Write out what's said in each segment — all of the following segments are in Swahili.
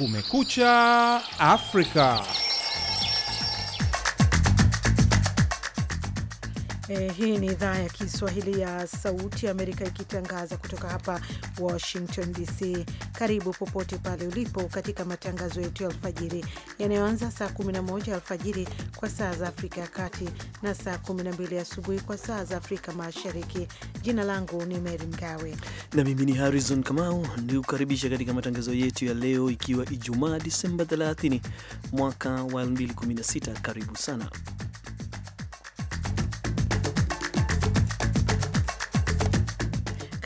Kumekucha Afrika. Eh, hii ni idhaa ya Kiswahili ya Sauti ya Amerika ikitangaza kutoka hapa Washington DC. Karibu popote pale ulipo katika matangazo yetu ya alfajiri yanayoanza saa 11 alfajiri kwa saa za Afrika ya Kati na saa 12 asubuhi kwa saa za Afrika Mashariki. Jina langu ni mery Mgawe na mimi ni Harrison Kamau ni kukaribisha katika matangazo yetu ya leo, ikiwa Ijumaa Disemba 30 mwaka wa 2016. Karibu sana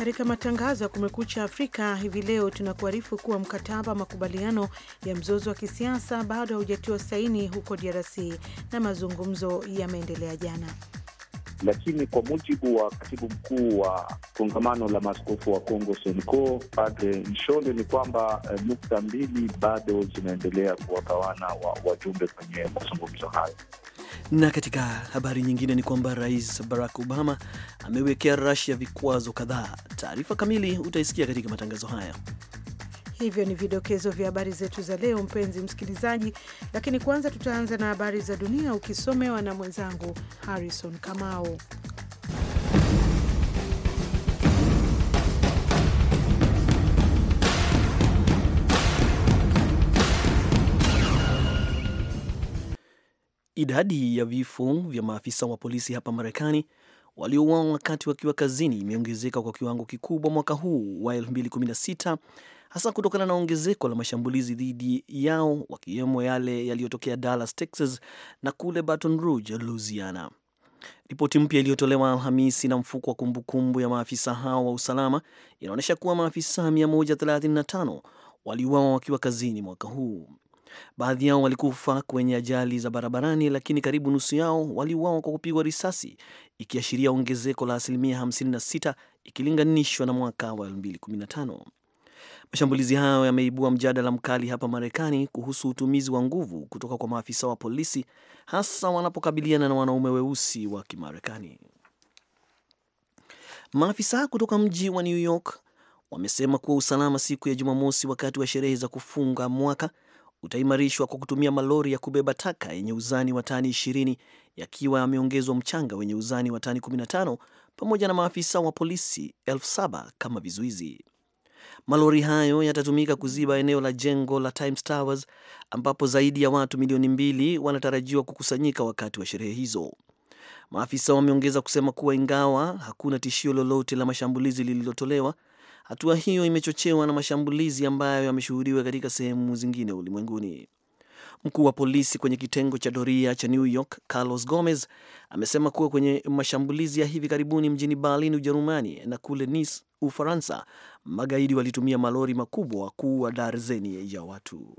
Katika matangazo ya Kumekucha Afrika hivi leo tunakuarifu kuwa mkataba wa makubaliano ya mzozo wa kisiasa bado haujatiwa saini huko DRC na mazungumzo yameendelea jana lakini kwa mujibu wa katibu mkuu wa kongamano la maaskofu wa Kongo Senko Padre Nshole ni kwamba eh, nukta mbili bado zinaendelea kuwagawana wa wajumbe kwenye mazungumzo hayo. Na katika habari nyingine ni kwamba Rais Barack Obama amewekea rasia vikwazo kadhaa. Taarifa kamili utaisikia katika matangazo haya. Hivyo ni vidokezo vya habari zetu za leo, mpenzi msikilizaji, lakini kwanza tutaanza na habari za dunia ukisomewa na mwenzangu Harrison Kamau. Idadi ya vifo vya maafisa wa polisi hapa Marekani waliouawa wakati wakiwa kazini imeongezeka kwa kiwango kikubwa mwaka huu wa 2016 hasa kutokana na ongezeko la mashambulizi dhidi yao wakiwemo yale yaliyotokea Dallas, Texas na kule Baton Rouge, Louisiana. Ripoti mpya iliyotolewa Alhamisi na mfuko wa kumbukumbu ya maafisa hao wa usalama inaonyesha kuwa maafisa 135 waliuawa wakiwa kazini mwaka huu. Baadhi yao walikufa kwenye ajali za barabarani, lakini karibu nusu yao waliuawa kwa kupigwa risasi, ikiashiria ongezeko la asilimia 56 ikilinganishwa na mwaka wa 2015. Mashambulizi hayo yameibua mjadala mkali hapa Marekani kuhusu utumizi wa nguvu kutoka kwa maafisa wa polisi, hasa wanapokabiliana na wanaume weusi wa Kimarekani. Maafisa kutoka mji wa New York wamesema kuwa usalama siku ya Jumamosi wakati wa sherehe za kufunga mwaka utaimarishwa kwa kutumia malori ya kubeba taka yenye uzani wa tani 20 yakiwa yameongezwa mchanga wenye uzani wa tani 15 pamoja na maafisa wa polisi 7 kama vizuizi. Malori hayo yatatumika kuziba eneo la jengo la Times Towers ambapo zaidi ya watu milioni mbili wanatarajiwa kukusanyika wakati wa sherehe hizo. Maafisa wameongeza kusema kuwa ingawa hakuna tishio lolote la mashambulizi lililotolewa, Hatua hiyo imechochewa na mashambulizi ambayo yameshuhudiwa katika sehemu zingine ulimwenguni. Mkuu wa polisi kwenye kitengo cha doria cha New York, Carlos Gomez, amesema kuwa kwenye mashambulizi ya hivi karibuni mjini Berlin, Ujerumani, na kule Nice, Ufaransa, magaidi walitumia malori makubwa kuua darzeni ya watu.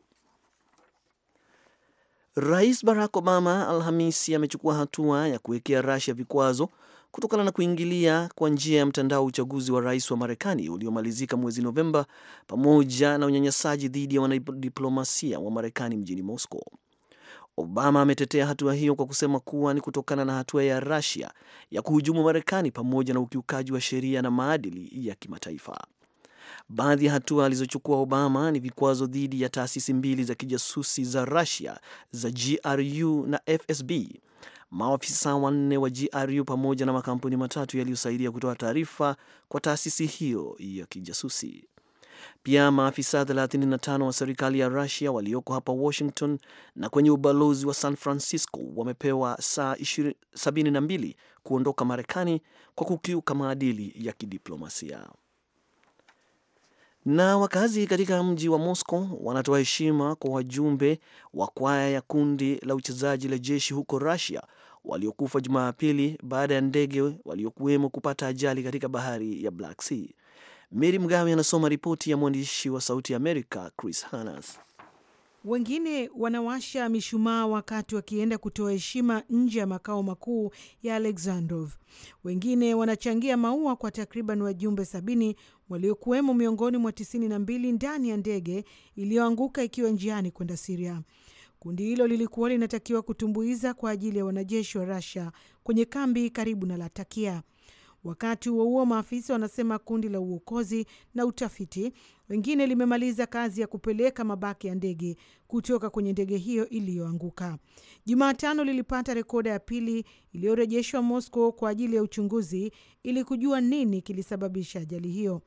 Rais Barack Obama Alhamisi amechukua hatua ya kuwekea Russia vikwazo kutokana na kuingilia kwa njia ya mtandao uchaguzi wa rais wa Marekani uliomalizika mwezi Novemba pamoja na unyanyasaji dhidi ya wanadiplomasia wa Marekani mjini Moscow. Obama ametetea hatua hiyo kwa kusema kuwa ni kutokana na hatua ya Russia ya kuhujumu Marekani pamoja na ukiukaji wa sheria na maadili ya kimataifa. Baadhi ya hatua alizochukua Obama ni vikwazo dhidi ya taasisi mbili za kijasusi za Russia za GRU na FSB maafisa wanne wa GRU pamoja na makampuni matatu yaliyosaidia kutoa taarifa kwa taasisi hiyo ya kijasusi. Pia maafisa 35 wa serikali ya Rusia walioko hapa Washington na kwenye ubalozi wa San Francisco wamepewa saa 72 kuondoka Marekani kwa kukiuka maadili ya kidiplomasia. Na wakazi katika mji wa Moscow wanatoa heshima kwa wajumbe wa kwaya ya kundi la uchezaji la jeshi huko Rusia waliokufa Jumapili baada ya ndege waliokuwemo kupata ajali katika bahari ya Black Sea. Mary Mgawe anasoma ripoti ya mwandishi wa Sauti ya Amerika Chris Hannas. Wengine wanawasha mishumaa wakati wakienda kutoa heshima nje ya makao makuu ya Alexandrov. Wengine wanachangia maua kwa takriban wajumbe sabini waliokuwemo miongoni mwa tisini na mbili ndani ya ndege iliyoanguka ikiwa njiani kwenda Siria. Kundi hilo lilikuwa linatakiwa kutumbuiza kwa ajili ya wanajeshi wa Russia kwenye kambi karibu na Latakia. Wakati huo huo, maafisa wanasema kundi la uokozi na utafiti wengine limemaliza kazi ya kupeleka mabaki ya ndege kutoka kwenye ndege hiyo iliyoanguka. Jumatano lilipata rekoda ya pili iliyorejeshwa Moscow kwa ajili ya uchunguzi ili kujua nini kilisababisha ajali hiyo.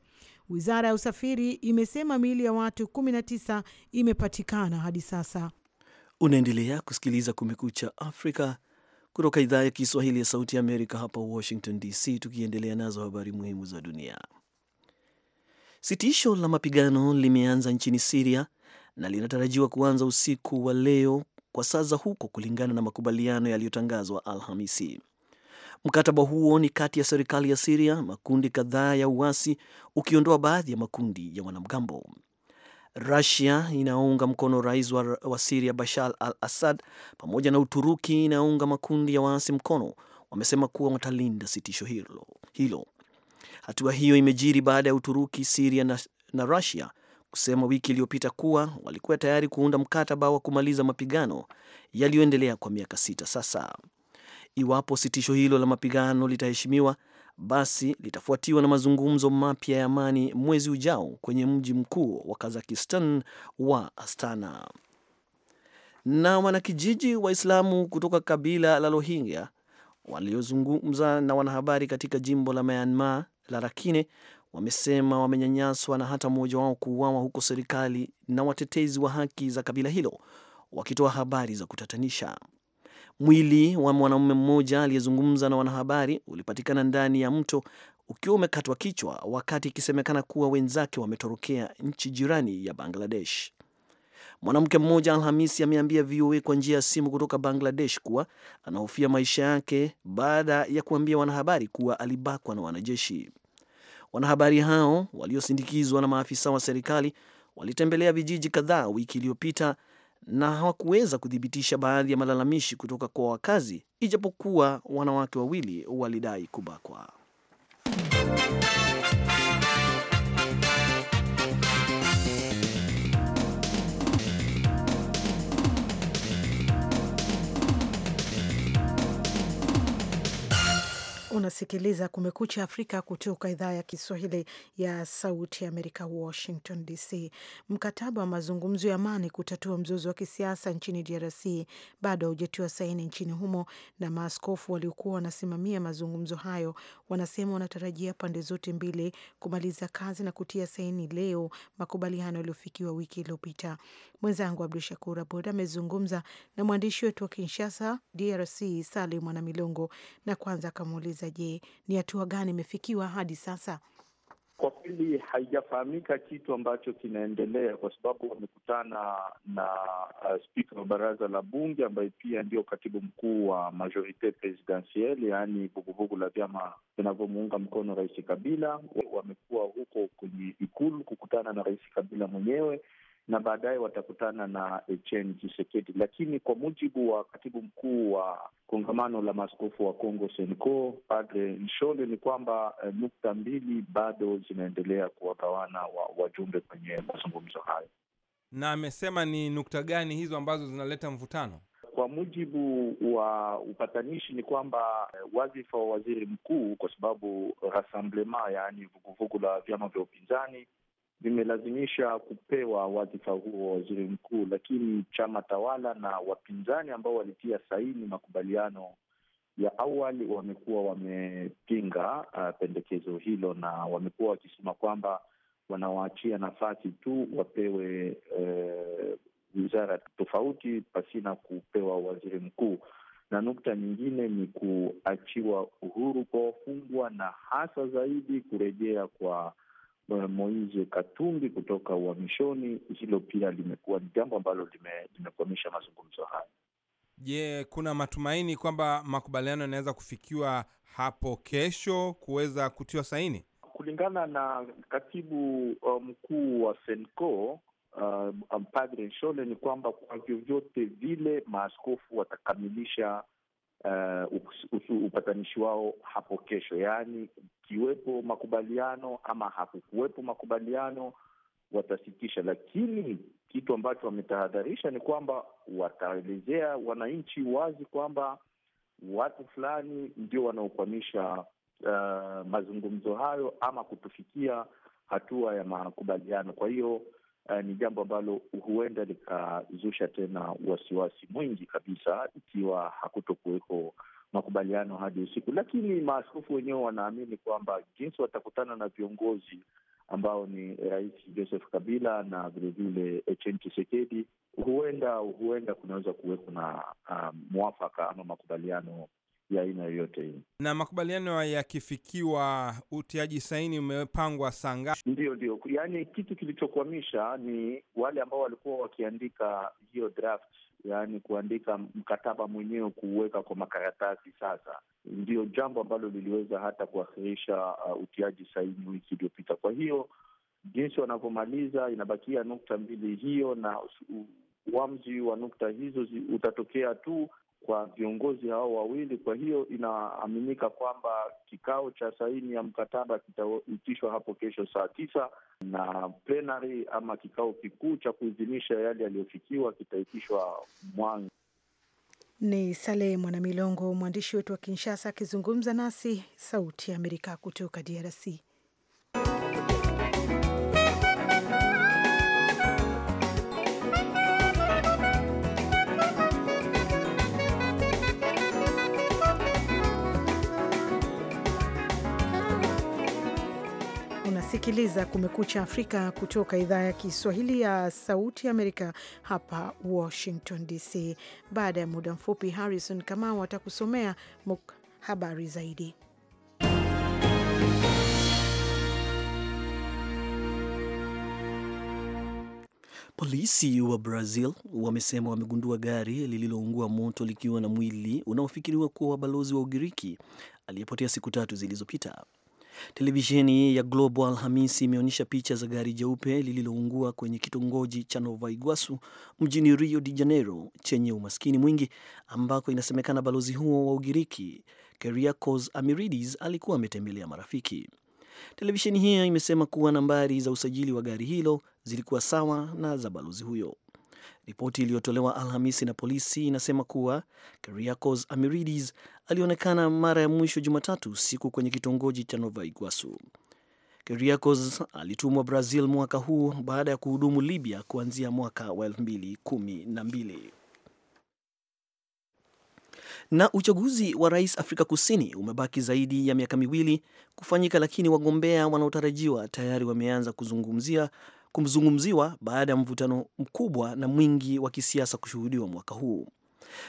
Wizara ya usafiri imesema miili ya watu 19 imepatikana hadi sasa. Unaendelea kusikiliza Kumekucha Afrika kutoka idhaa ya Kiswahili ya Sauti ya Amerika hapa Washington DC, tukiendelea nazo habari muhimu za dunia. Sitisho la mapigano limeanza nchini Siria na linatarajiwa kuanza usiku wa leo kwa saa za huko, kulingana na makubaliano yaliyotangazwa Alhamisi. Mkataba huo ni kati ya serikali ya Siria, makundi kadhaa ya uasi, ukiondoa baadhi ya makundi ya wanamgambo. Rusia inaunga mkono rais wa, wa Siria Bashar al Assad pamoja na Uturuki inayounga makundi ya waasi mkono wamesema kuwa watalinda sitisho hilo, hilo. Hatua hiyo imejiri baada ya Uturuki, Siria na, na Rusia kusema wiki iliyopita kuwa walikuwa tayari kuunda mkataba wa kumaliza mapigano yaliyoendelea kwa miaka sita sasa. Iwapo sitisho hilo la mapigano litaheshimiwa, basi litafuatiwa na mazungumzo mapya ya amani mwezi ujao kwenye mji mkuu wa Kazakistan wa Astana. Na wanakijiji Waislamu kutoka kabila la Rohingya waliozungumza na wanahabari katika jimbo la Myanmar la Rakhine wamesema wamenyanyaswa na hata mmoja wao kuuawa, huko serikali na watetezi wa haki za kabila hilo wakitoa habari za kutatanisha. Mwili wa mwanamume mmoja aliyezungumza na wanahabari ulipatikana ndani ya mto ukiwa umekatwa kichwa, wakati ikisemekana kuwa wenzake wametorokea nchi jirani ya Bangladesh. Mwanamke mmoja Alhamisi ameambia VOA kwa njia ya simu kutoka Bangladesh kuwa anahofia maisha yake baada ya kuambia wanahabari kuwa alibakwa na wanajeshi. Wanahabari hao waliosindikizwa na maafisa wa serikali walitembelea vijiji kadhaa wiki iliyopita na hawakuweza kuthibitisha baadhi ya malalamishi kutoka kwa wakazi, ijapokuwa wanawake wawili walidai kubakwa. Unasikiliza Kumekucha Afrika kutoka idhaa ya Kiswahili ya Sauti Amerika, Washington DC. Mkataba wa mazungumzo ya amani kutatua mzozo wa kisiasa nchini DRC bado haujatiwa saini nchini humo, na maaskofu waliokuwa wanasimamia mazungumzo hayo wanasema wanatarajia pande zote mbili kumaliza kazi na kutia saini leo makubaliano yaliyofikiwa wiki iliyopita. Mwenzangu Abdu Shakur Abud amezungumza na mwandishi wetu wa Kinshasa, DRC, Sali Mwanamilongo, na kwanza akamuuliza je, ni hatua gani imefikiwa hadi sasa? Kwa kweli haijafahamika kitu ambacho kinaendelea, kwa sababu wamekutana na uh, spika wa baraza la bunge ambaye pia ndio katibu mkuu wa majorite presidentiel, yaani vuguvugu la vyama vinavyomuunga mkono Rais Kabila. Wamekuwa huko kwenye ikulu kukutana na Rais Kabila mwenyewe na baadaye watakutana na Etienne Tshisekedi. Lakini kwa mujibu wa katibu mkuu wa kongamano la maaskofu wa congo Senco Padre Nshole, ni kwamba eh, nukta mbili bado zinaendelea kuwagawana wajumbe wa kwenye mazungumzo hayo. Na amesema ni nukta gani hizo ambazo zinaleta mvutano? Kwa mujibu wa upatanishi ni kwamba eh, wadhifa wa waziri mkuu, kwa sababu rassemblement, yaani vuguvugu la vyama vya upinzani vimelazimisha kupewa wadhifa huo waziri mkuu, lakini chama tawala na wapinzani ambao walitia saini makubaliano ya awali wamekuwa wamepinga uh, pendekezo hilo na wamekuwa wakisema kwamba wanawaachia nafasi tu wapewe uh, wizara uh, tofauti pasina kupewa waziri mkuu. Na nukta nyingine ni kuachiwa uhuru kwa wafungwa na hasa zaidi kurejea kwa Moise Katumbi kutoka uhamishoni, hilo pia limekuwa ni jambo ambalo limekwamisha mazungumzo hayo. Je, kuna matumaini kwamba makubaliano yanaweza kufikiwa hapo kesho kuweza kutiwa saini? Kulingana na katibu uh, mkuu wa Senco uh, Padre Nshole, ni kwamba kwa vyovyote vile maaskofu watakamilisha uh, upatanishi wao hapo kesho, yaani kiwepo makubaliano ama hakukuwepo makubaliano watasitisha, lakini kitu ambacho wametahadharisha ni kwamba wataelezea wananchi wazi kwamba watu fulani ndio wanaokwamisha uh, mazungumzo hayo ama kutufikia hatua ya makubaliano. Kwa hiyo uh, ni jambo ambalo huenda likazusha tena wasiwasi mwingi kabisa, ikiwa hakuto kuweko makubaliano hadi usiku. Lakini maaskofu wenyewe wanaamini kwamba jinsi watakutana na viongozi ambao ni Rais Joseph Kabila na vilevile Etienne Tshisekedi, huenda huenda kunaweza kuweko na um, mwafaka ama makubaliano ya aina yoyote ile. Na makubaliano yakifikiwa, utiaji saini umepangwa saa ngapi? Ndio, ndio, yaani kitu kilichokwamisha ni wale ambao walikuwa wakiandika hiyo draft, yaani kuandika mkataba mwenyewe, kuuweka kwa makaratasi. Sasa ndio jambo ambalo liliweza hata kuakhirisha uh, utiaji saini wiki iliyopita. Kwa hiyo jinsi wanavyomaliza, inabakia nukta mbili hiyo, na uamuzi wa nukta hizo zi, utatokea tu kwa viongozi hao wawili. Kwa hiyo inaaminika kwamba kikao cha saini ya mkataba kitaitishwa hapo kesho saa tisa na plenary ama kikao kikuu cha kuidhinisha yale yaliyofikiwa kitaitishwa mwanzo. Ni Saleh Mwanamilongo, mwandishi wetu wa Kinshasa, akizungumza nasi Sauti ya Amerika kutoka DRC. unasikiliza Kumekucha Afrika kutoka idhaa ya Kiswahili ya Sauti Amerika hapa Washington DC. Baada ya muda mfupi, Harrison Kamau atakusomea habari zaidi. Polisi wa Brazil wamesema wamegundua gari lililoungua moto likiwa na mwili unaofikiriwa kuwa wa balozi wa Ugiriki aliyepotea siku tatu zilizopita. Televisheni ya Globo Alhamisi imeonyesha picha za gari jeupe lililoungua kwenye kitongoji cha Nova Iguasu mjini Rio de Janeiro chenye umaskini mwingi ambako inasemekana balozi huo wa Ugiriki Kyriakos Amiridis alikuwa ametembelea marafiki. Televisheni hiyo imesema kuwa nambari za usajili wa gari hilo zilikuwa sawa na za balozi huyo. Ripoti iliyotolewa Alhamisi na polisi inasema kuwa Kyriakos Amiridis alionekana mara ya mwisho Jumatatu usiku kwenye kitongoji cha Nova Iguasu. keriacos alitumwa Brazil mwaka huu baada ya kuhudumu Libya kuanzia mwaka wa mbili. Na uchaguzi wa rais Afrika Kusini umebaki zaidi ya miaka miwili kufanyika, lakini wagombea wanaotarajiwa tayari wameanza kuzungumzia kumzungumziwa baada ya mvutano mkubwa na mwingi wa kisiasa kushuhudiwa mwaka huu.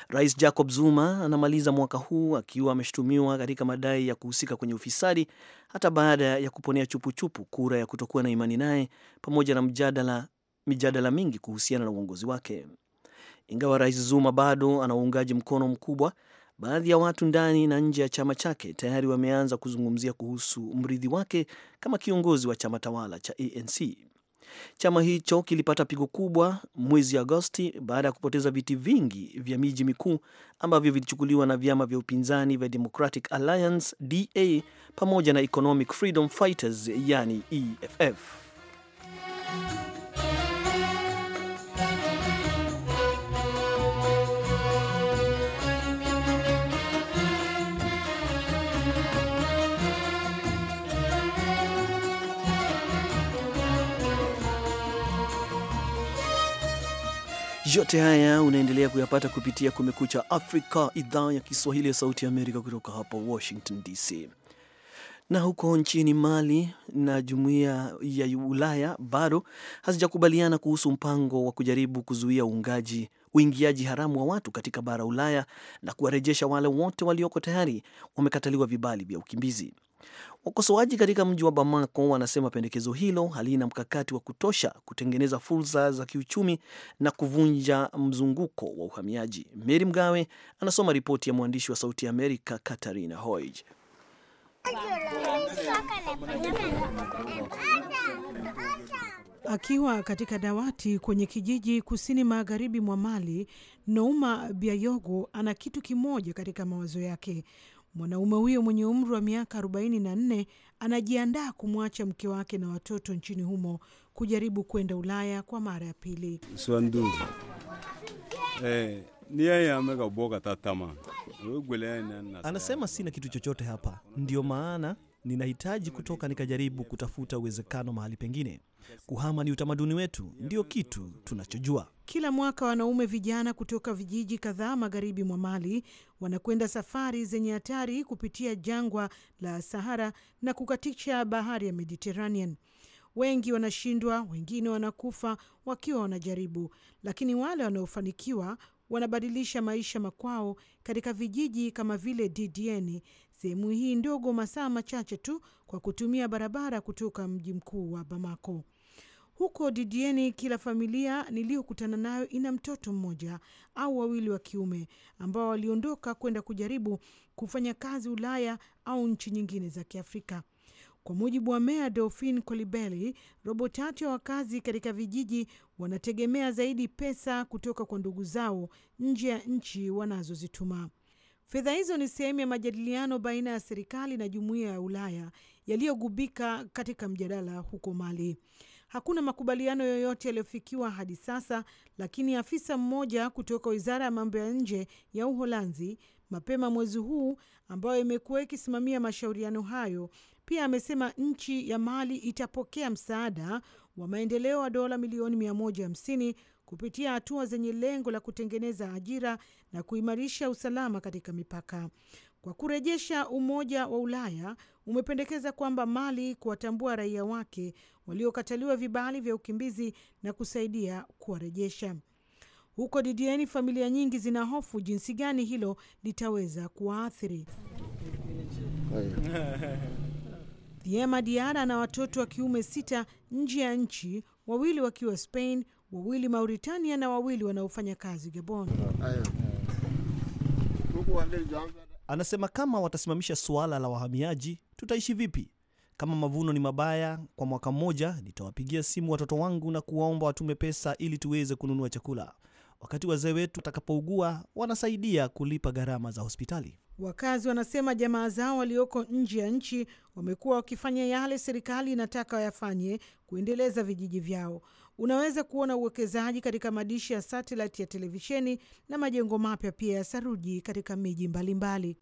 Rais Jacob Zuma anamaliza mwaka huu akiwa ameshutumiwa katika madai ya kuhusika kwenye ufisadi hata baada ya kuponea chupuchupu kura ya kutokuwa na imani naye pamoja na mjadala, mijadala mingi kuhusiana na uongozi wake. Ingawa Rais Zuma bado ana uungaji mkono mkubwa, baadhi ya watu ndani na nje ya chama chake tayari wameanza kuzungumzia kuhusu mrithi wake kama kiongozi wa chama tawala cha ANC. Chama hicho kilipata pigo kubwa mwezi Agosti baada ya kupoteza viti vingi vya miji mikuu ambavyo vilichukuliwa na vyama vya upinzani vya Democratic Alliance DA pamoja na Economic Freedom Fighters yani EFF. Yote haya unaendelea kuyapata kupitia Kumekucha Afrika, idhaa ya Kiswahili ya Sauti ya Amerika, kutoka hapa Washington DC. Na huko nchini Mali na jumuiya ya Ulaya bado hazijakubaliana kuhusu mpango wa kujaribu kuzuia uungaji uingiaji haramu wa watu katika bara Ulaya na kuwarejesha wale wote walioko tayari wamekataliwa vibali vya ukimbizi. Wakosoaji katika mji wa Bamako wanasema pendekezo hilo halina mkakati wa kutosha kutengeneza fursa za kiuchumi na kuvunja mzunguko wa uhamiaji. Meri Mgawe anasoma ripoti ya mwandishi wa Sauti ya Amerika Katarina Hoij. Akiwa katika dawati kwenye kijiji kusini magharibi mwa Mali, Nouma Biayogo ana kitu kimoja katika mawazo yake: Mwanaume huyo mwenye umri wa miaka 44 anajiandaa kumwacha mke wake na watoto nchini humo kujaribu kwenda Ulaya kwa mara ya pili. Eh, Anasema sina kitu chochote hapa, ndio maana ninahitaji kutoka nikajaribu kutafuta uwezekano mahali pengine. Kuhama ni utamaduni wetu, ndio kitu tunachojua. Kila mwaka wanaume vijana kutoka vijiji kadhaa magharibi mwa Mali wanakwenda safari zenye hatari kupitia jangwa la Sahara na kukatisha bahari ya Mediterranean. Wengi wanashindwa, wengine wanakufa wakiwa wanajaribu, lakini wale wanaofanikiwa wanabadilisha maisha makwao katika vijiji kama vile Didieni sehemu hii ndogo masaa machache tu kwa kutumia barabara kutoka mji mkuu wa Bamako. Huko Didieni, kila familia niliyokutana nayo ina mtoto mmoja au wawili wa kiume ambao waliondoka kwenda kujaribu kufanya kazi Ulaya au nchi nyingine za Kiafrika. Kwa mujibu wa meya Delphine Kolibeli, robo tatu ya wakazi katika vijiji wanategemea zaidi pesa kutoka kwa ndugu zao nje ya nchi wanazozituma. Fedha hizo ni sehemu ya majadiliano baina ya serikali na jumuiya ya Ulaya yaliyogubika katika mjadala huko Mali. Hakuna makubaliano yoyote yaliyofikiwa hadi sasa, lakini afisa mmoja kutoka wizara ya mambo ya nje ya Uholanzi mapema mwezi huu, ambayo imekuwa ikisimamia mashauriano hayo, pia amesema nchi ya Mali itapokea msaada wa maendeleo wa dola milioni 150 kupitia hatua zenye lengo la kutengeneza ajira na kuimarisha usalama katika mipaka. Kwa kurejesha Umoja wa Ulaya umependekeza kwamba Mali kuwatambua raia wake waliokataliwa vibali vya ukimbizi na kusaidia kuwarejesha huko. Didieni, familia nyingi zina hofu jinsi gani hilo litaweza kuwaathiri. Thiema Diara na watoto wa kiume sita nje ya nchi, wawili wakiwa Spain, wawili Mauritania na wawili wanaofanya kazi Gabon. Anasema kama watasimamisha suala la wahamiaji, tutaishi vipi? Kama mavuno ni mabaya kwa mwaka mmoja, nitawapigia simu watoto wangu na kuwaomba watume pesa ili tuweze kununua chakula. Wakati wazee wetu watakapougua, wanasaidia kulipa gharama za hospitali. Wakazi wanasema jamaa zao walioko nje ya nchi wamekuwa wakifanya yale serikali inataka wayafanye, kuendeleza vijiji vyao unaweza kuona uwekezaji katika madishi ya satelaiti ya televisheni na majengo mapya pia ya saruji katika miji mbalimbali.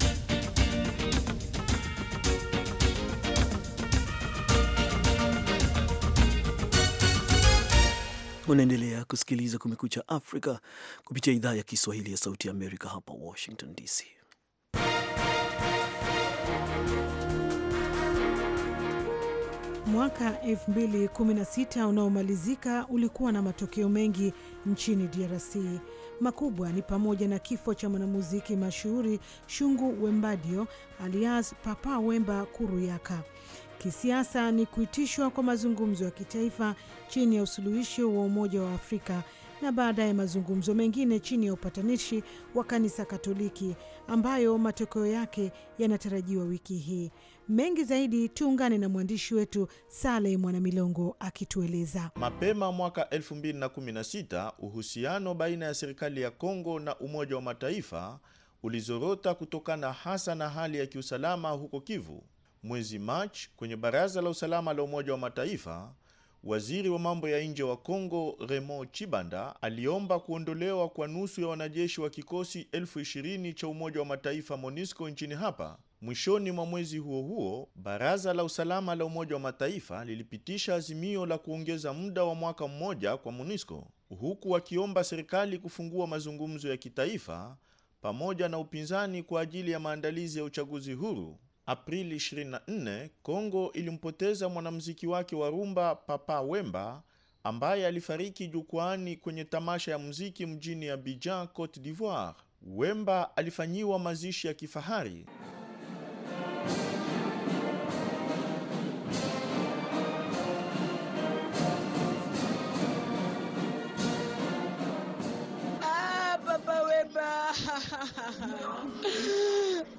Unaendelea kusikiliza Kumekucha Afrika kupitia idhaa ya Kiswahili ya Sauti ya Amerika hapa Washington DC. Mwaka 2016 unaomalizika ulikuwa na matokeo mengi nchini DRC. Makubwa ni pamoja na kifo cha mwanamuziki mashuhuri Shungu Wembadio alias Papa Wemba Kuruyaka. Kisiasa ni kuitishwa kwa mazungumzo ya kitaifa chini ya usuluhishi wa Umoja wa Afrika na baadaye mazungumzo mengine chini ya upatanishi wa kanisa Katoliki ambayo matokeo yake yanatarajiwa wiki hii. Mengi zaidi tuungane na mwandishi wetu Saleh Mwanamilongo akitueleza. Mapema mwaka 2016 uhusiano baina ya serikali ya Kongo na Umoja wa Mataifa ulizorota kutokana hasa na hali ya kiusalama huko Kivu. Mwezi Machi, kwenye Baraza la Usalama la Umoja wa Mataifa, waziri wa mambo ya nje wa Kongo Remo Chibanda aliomba kuondolewa kwa nusu ya wanajeshi wa kikosi elfu ishirini cha Umoja wa Mataifa MONUSCO nchini hapa Mwishoni mwa mwezi huo huo, Baraza la Usalama la Umoja wa Mataifa lilipitisha azimio la kuongeza muda wa mwaka mmoja kwa MONUSCO huku wakiomba serikali kufungua mazungumzo ya kitaifa pamoja na upinzani kwa ajili ya maandalizi ya uchaguzi huru. Aprili 24, Kongo ilimpoteza mwanamuziki wake wa rumba Papa Wemba ambaye alifariki jukwani kwenye tamasha ya muziki mjini Abidjan, Cote d'Ivoire. Wemba alifanyiwa mazishi ya kifahari.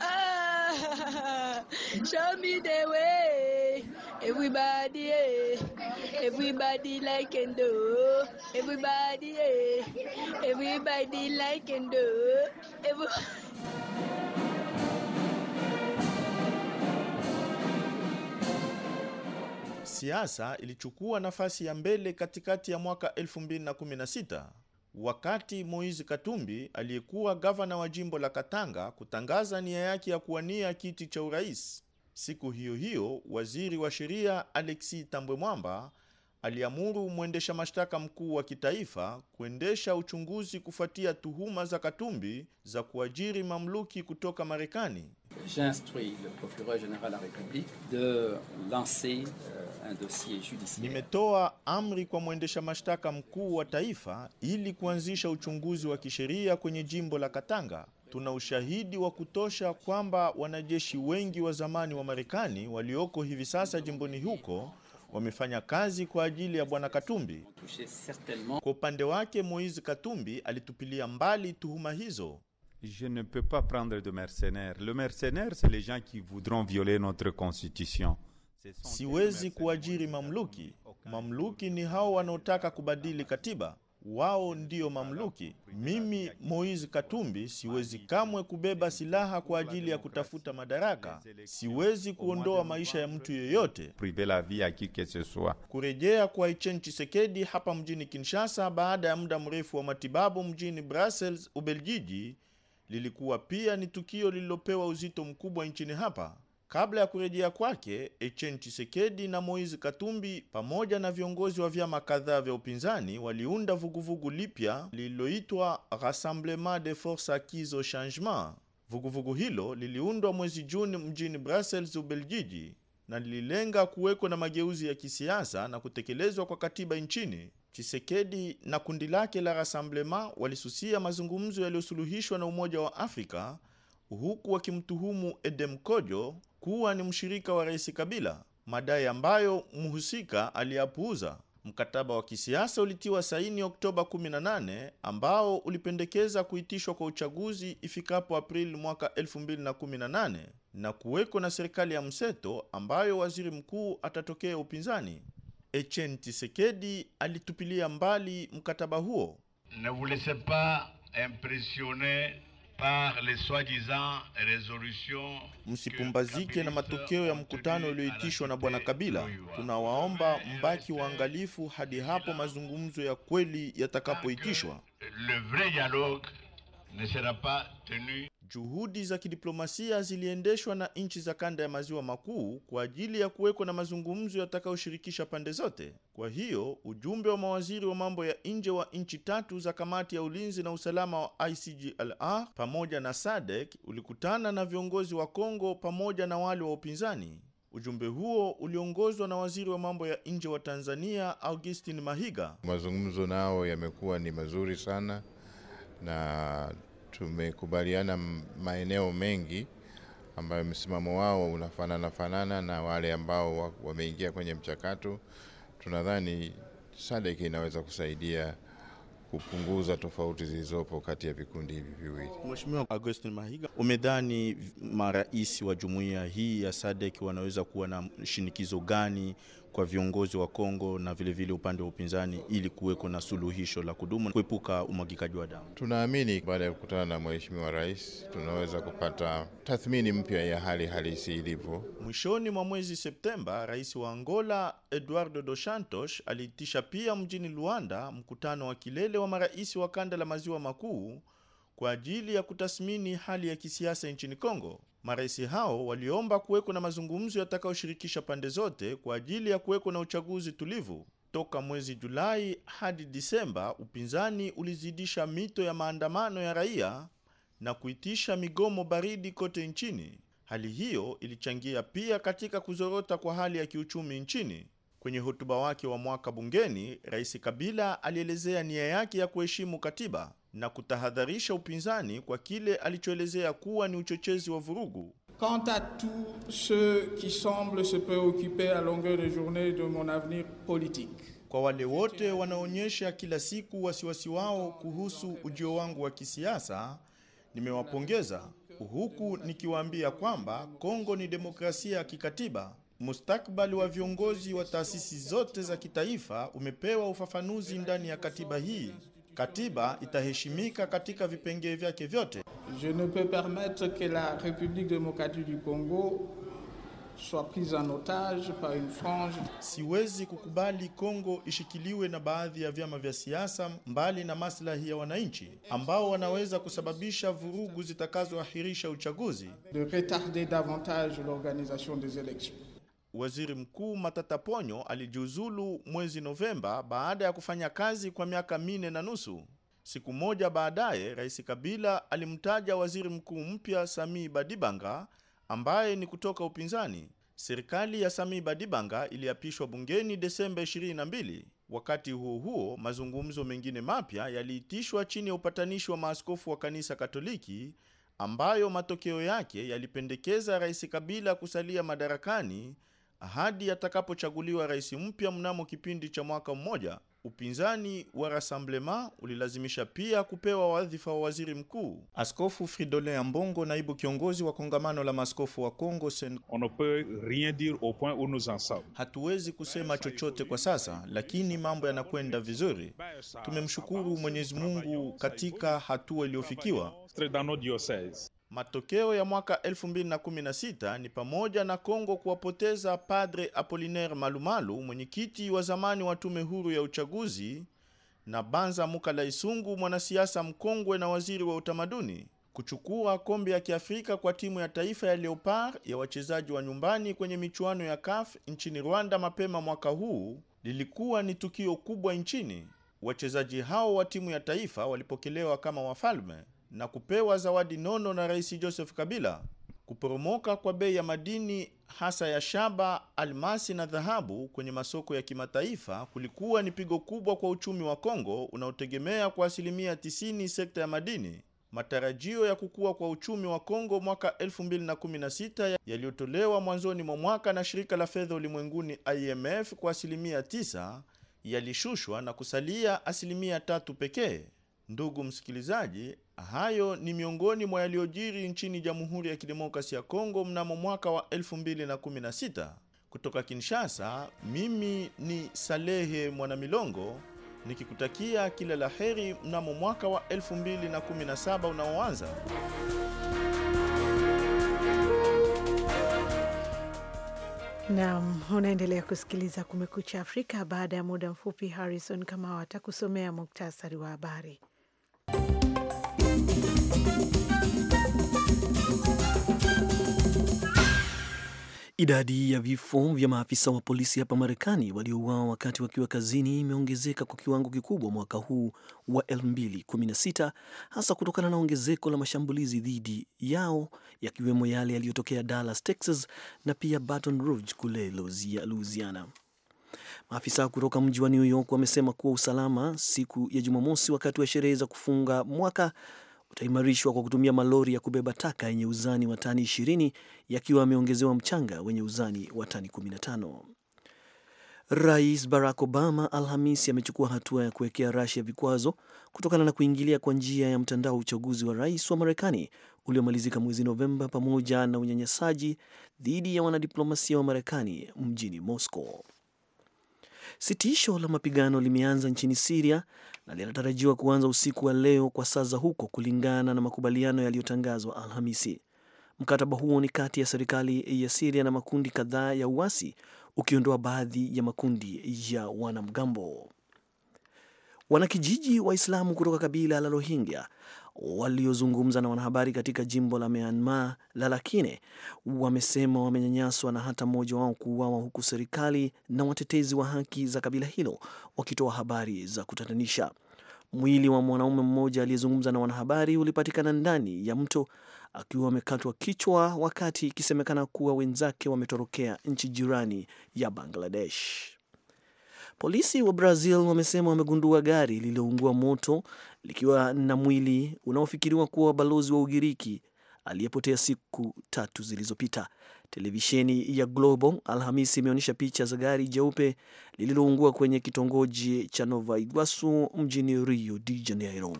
Ah. show me the way. Everybody, eh. everybody like and do. Everybody, eh. everybody like and do. Siasa ilichukua nafasi ya mbele katikati ya mwaka 2016 wakati Moise Katumbi aliyekuwa gavana wa jimbo la Katanga kutangaza nia yake ya kuwania kiti cha urais. Siku hiyo hiyo, waziri wa sheria Alexis Tambwe Mwamba aliamuru mwendesha mashtaka mkuu wa kitaifa kuendesha uchunguzi kufuatia tuhuma za Katumbi za kuajiri mamluki kutoka Marekani. Euh, Nimetoa amri kwa mwendesha mashtaka mkuu wa taifa ili kuanzisha uchunguzi wa kisheria kwenye jimbo la Katanga. Tuna ushahidi wa kutosha kwamba wanajeshi wengi wa zamani wa Marekani walioko hivi sasa jimboni huko wamefanya kazi kwa ajili ya Bwana Katumbi. Kwa upande wake, Moise Katumbi alitupilia mbali tuhuma hizo. Je ne peux pas prendre de mercenaires. Le mercenaire, c'est les gens qui voudront violer notre constitution. Siwezi kuajiri mamluki. Mamluki ni hao wanaotaka kubadili katiba wao ndio mamluki. Mimi Moise Katumbi siwezi kamwe kubeba silaha kwa ajili ya kutafuta madaraka. Siwezi kuondoa maisha ya mtu yoyote Kurejea kwa Etienne Tshisekedi hapa mjini Kinshasa baada ya muda mrefu wa matibabu mjini Brussels, Ubelgiji, lilikuwa pia ni tukio lililopewa uzito mkubwa nchini hapa. Kabla ya kurejea kwake, Etienne Tshisekedi na Moise Katumbi pamoja na viongozi wa vyama kadhaa vya upinzani waliunda vuguvugu lipya lililoitwa Rassemblement des Forces Acquises au Changement. Vuguvugu hilo liliundwa mwezi Juni mjini Brussels, Ubelgiji na lililenga kuwekwa na mageuzi ya kisiasa na kutekelezwa kwa katiba nchini. Tshisekedi na kundi lake la Rassemblement walisusia mazungumzo yaliyosuluhishwa na Umoja wa Afrika huku wakimtuhumu Edem Kojo kuwa ni mshirika wa Rais Kabila, madai ambayo mhusika aliyapuuza. Mkataba wa kisiasa ulitiwa saini Oktoba 18 ambao ulipendekeza kuitishwa kwa uchaguzi ifikapo Aprili mwaka 2018 na kuweko na serikali ya mseto ambayo waziri mkuu atatokea upinzani. Etienne Tshisekedi alitupilia mbali mkataba huo. Ne vous laissez pas impressionner Msipumbazike na matokeo ya mkutano ulioitishwa na Bwana Kabila. Tunawaomba mbaki waangalifu hadi hapo mazungumzo ya kweli yatakapoitishwa. Le vrai dialogue ne sera pas tenu Juhudi za kidiplomasia ziliendeshwa na nchi za kanda ya maziwa makuu kwa ajili ya kuwekwa na mazungumzo yatakayoshirikisha pande zote. Kwa hiyo, ujumbe wa mawaziri wa mambo ya nje wa nchi tatu za kamati ya ulinzi na usalama wa ICGLR pamoja na SADC e ulikutana na viongozi wa Kongo pamoja na wale wa upinzani. Ujumbe huo uliongozwa na waziri wa mambo ya nje wa Tanzania Augustine Mahiga. Mazungumzo nao yamekuwa ni mazuri sana na tumekubaliana maeneo mengi ambayo msimamo wao unafanana fanana na wale ambao wameingia kwenye mchakato. Tunadhani SADC inaweza kusaidia kupunguza tofauti zilizopo kati ya vikundi hivi viwili. Mheshimiwa Augustine Mahiga, umedhani marais wa jumuiya hii ya SADC wanaweza kuwa na shinikizo gani kwa viongozi wa Kongo na vilevile vile upande wa upinzani ili kuweko na suluhisho la kudumu kuepuka umwagikaji wa damu. Tunaamini baada ya kukutana na Mheshimiwa Rais tunaweza kupata tathmini mpya ya hali halisi ilivyo. Mwishoni mwa mwezi Septemba, Rais wa Angola Eduardo dos Santos aliitisha pia mjini Luanda mkutano wa kilele wa marais wa kanda la maziwa makuu kwa ajili ya kutathmini hali ya kisiasa nchini Kongo. Marais hao waliomba kuweko na mazungumzo yatakayoshirikisha pande zote kwa ajili ya kuweko na uchaguzi tulivu. Toka mwezi Julai hadi Disemba, upinzani ulizidisha mito ya maandamano ya raia na kuitisha migomo baridi kote nchini. Hali hiyo ilichangia pia katika kuzorota kwa hali ya kiuchumi nchini. Kwenye hotuba wake wa mwaka bungeni, Rais Kabila alielezea nia yake ya kuheshimu katiba na kutahadharisha upinzani kwa kile alichoelezea kuwa ni uchochezi wa vurugu. Quant à tous ceux qui semblent se préoccuper à longueur de journée de mon avenir politique. Kwa wale wote wanaonyesha kila siku wasiwasi wao kuhusu ujio wangu wa kisiasa, nimewapongeza huku nikiwaambia kwamba Kongo ni demokrasia ya kikatiba. Mustakbali wa viongozi wa taasisi zote za kitaifa umepewa ufafanuzi ndani ya katiba hii. Katiba itaheshimika katika vipengee vyake vyote. Je ne peux permettre que la République démocratique du Congo soit prise en otage par une frange. Siwezi kukubali Kongo ishikiliwe na baadhi ya vyama vya siasa mbali na maslahi ya wananchi ambao wanaweza kusababisha vurugu zitakazoahirisha uchaguzi. De retarder davantage l'organisation des élections. Waziri Mkuu Matata Ponyo alijiuzulu mwezi Novemba baada ya kufanya kazi kwa miaka minne na nusu. Siku moja baadaye, Rais Kabila alimtaja waziri mkuu mpya Sami Badibanga ambaye ni kutoka upinzani. Serikali ya Sami Badibanga iliapishwa bungeni Desemba 22. Wakati huo huo, mazungumzo mengine mapya yaliitishwa chini ya upatanishi wa maaskofu wa kanisa Katoliki ambayo matokeo yake yalipendekeza Rais Kabila kusalia madarakani hadi atakapochaguliwa rais mpya mnamo kipindi cha mwaka mmoja. Upinzani wa Rassemblement ulilazimisha pia kupewa wadhifa wa waziri mkuu. Askofu Fridolin Ambongo, naibu kiongozi wa kongamano la maskofu wa congo Sen... Hatuwezi kusema chochote kwa sasa, lakini mambo yanakwenda vizuri. Tumemshukuru Mwenyezi Mungu katika hatua iliyofikiwa. Matokeo ya mwaka 2016 ni pamoja na Kongo kuwapoteza Padre Apollinaire Malumalu, mwenyekiti wa zamani wa tume huru ya uchaguzi, na Banza Mukala Isungu, mwanasiasa mkongwe na waziri wa utamaduni, kuchukua kombe ya Kiafrika kwa timu ya taifa ya Leopard ya wachezaji wa nyumbani kwenye michuano ya CAF nchini Rwanda mapema mwaka huu lilikuwa ni tukio kubwa nchini. Wachezaji hao wa timu ya taifa walipokelewa kama wafalme na kupewa zawadi nono na Rais Joseph Kabila, kuporomoka kwa bei ya madini hasa ya shaba, almasi na dhahabu kwenye masoko ya kimataifa kulikuwa ni pigo kubwa kwa uchumi wa Kongo unaotegemea kwa asilimia 90 sekta ya madini. Matarajio ya kukua kwa uchumi wa Kongo mwaka 2016 yaliyotolewa mwanzoni mwa mwaka na shirika la fedha ulimwenguni IMF kwa asilimia 9 yalishushwa na kusalia asilimia tatu pekee. Ndugu msikilizaji, hayo ni miongoni mwa yaliyojiri nchini Jamhuri ya Kidemokrasia ya Kongo mnamo mwaka wa 2016. Kutoka Kinshasa, mimi ni Salehe Mwanamilongo nikikutakia kila la heri mnamo mwaka wa 2017 unaoanza. Naam, unaendelea kusikiliza Kumekucha Afrika. Baada ya muda mfupi, Harrison Kamau atakusomea muktasari wa habari. Idadi ya vifo vya maafisa wa polisi hapa Marekani waliouawa wakati wakiwa kazini imeongezeka kwa kiwango kikubwa mwaka huu wa 2016 hasa kutokana na ongezeko la mashambulizi dhidi yao yakiwemo yale yaliyotokea Dallas, Texas na pia Baton Rouge kule Louisiana. Maafisa kutoka mji wa New York wamesema kuwa usalama siku ya Jumamosi wakati wa sherehe za kufunga mwaka utaimarishwa kwa kutumia malori ya kubeba taka yenye uzani wa tani 20 yakiwa yameongezewa mchanga wenye uzani wa tani 15. Rais Barack Obama Alhamisi amechukua hatua ya kuwekea Rasia vikwazo kutokana na kuingilia kwa njia ya mtandao wa uchaguzi wa rais wa Marekani uliomalizika mwezi Novemba, pamoja na unyanyasaji dhidi ya wanadiplomasia wa Marekani mjini Moscow. Sitisho la mapigano limeanza nchini Siria na linatarajiwa kuanza usiku wa leo kwa saa za huko, kulingana na makubaliano yaliyotangazwa Alhamisi. Mkataba huo ni kati ya serikali ya Siria na makundi kadhaa ya uasi, ukiondoa baadhi ya makundi ya wanamgambo. Wanakijiji Waislamu kutoka kabila la Rohingya waliozungumza na wanahabari katika jimbo la Myanmar la Rakhine wamesema wamenyanyaswa na hata mmoja wao kuuawa, huku serikali na watetezi wa haki za kabila hilo wakitoa habari za kutatanisha. Mwili wa mwanaume mmoja aliyezungumza na wanahabari ulipatikana ndani ya mto akiwa amekatwa kichwa, wakati ikisemekana kuwa wenzake wametorokea nchi jirani ya Bangladesh. Polisi wa Brazil wamesema wamegundua gari lililoungua moto likiwa na mwili unaofikiriwa kuwa balozi wa Ugiriki aliyepotea siku tatu zilizopita. Televisheni ya Globo Alhamisi imeonyesha picha za gari jeupe lililoungua kwenye kitongoji cha Nova Iguasu mjini Rio de Janeiro.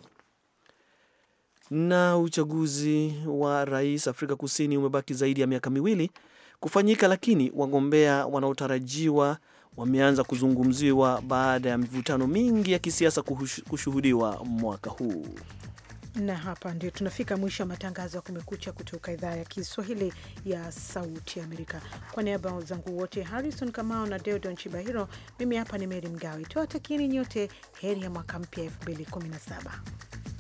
Na uchaguzi wa rais Afrika Kusini umebaki zaidi ya miaka miwili kufanyika, lakini wagombea wanaotarajiwa wameanza kuzungumziwa baada ya mivutano mingi ya kisiasa kushuhudiwa mwaka huu na hapa ndio tunafika mwisho wa matangazo ya Kumekucha kutoka idhaa ya Kiswahili ya Sauti Amerika. Kwa niaba ya wenzangu wote Harrison Kamao na Deodon Chibahiro, mimi hapa ni Meri Mgawe, tuwatakieni nyote heri ya mwaka mpya 2017.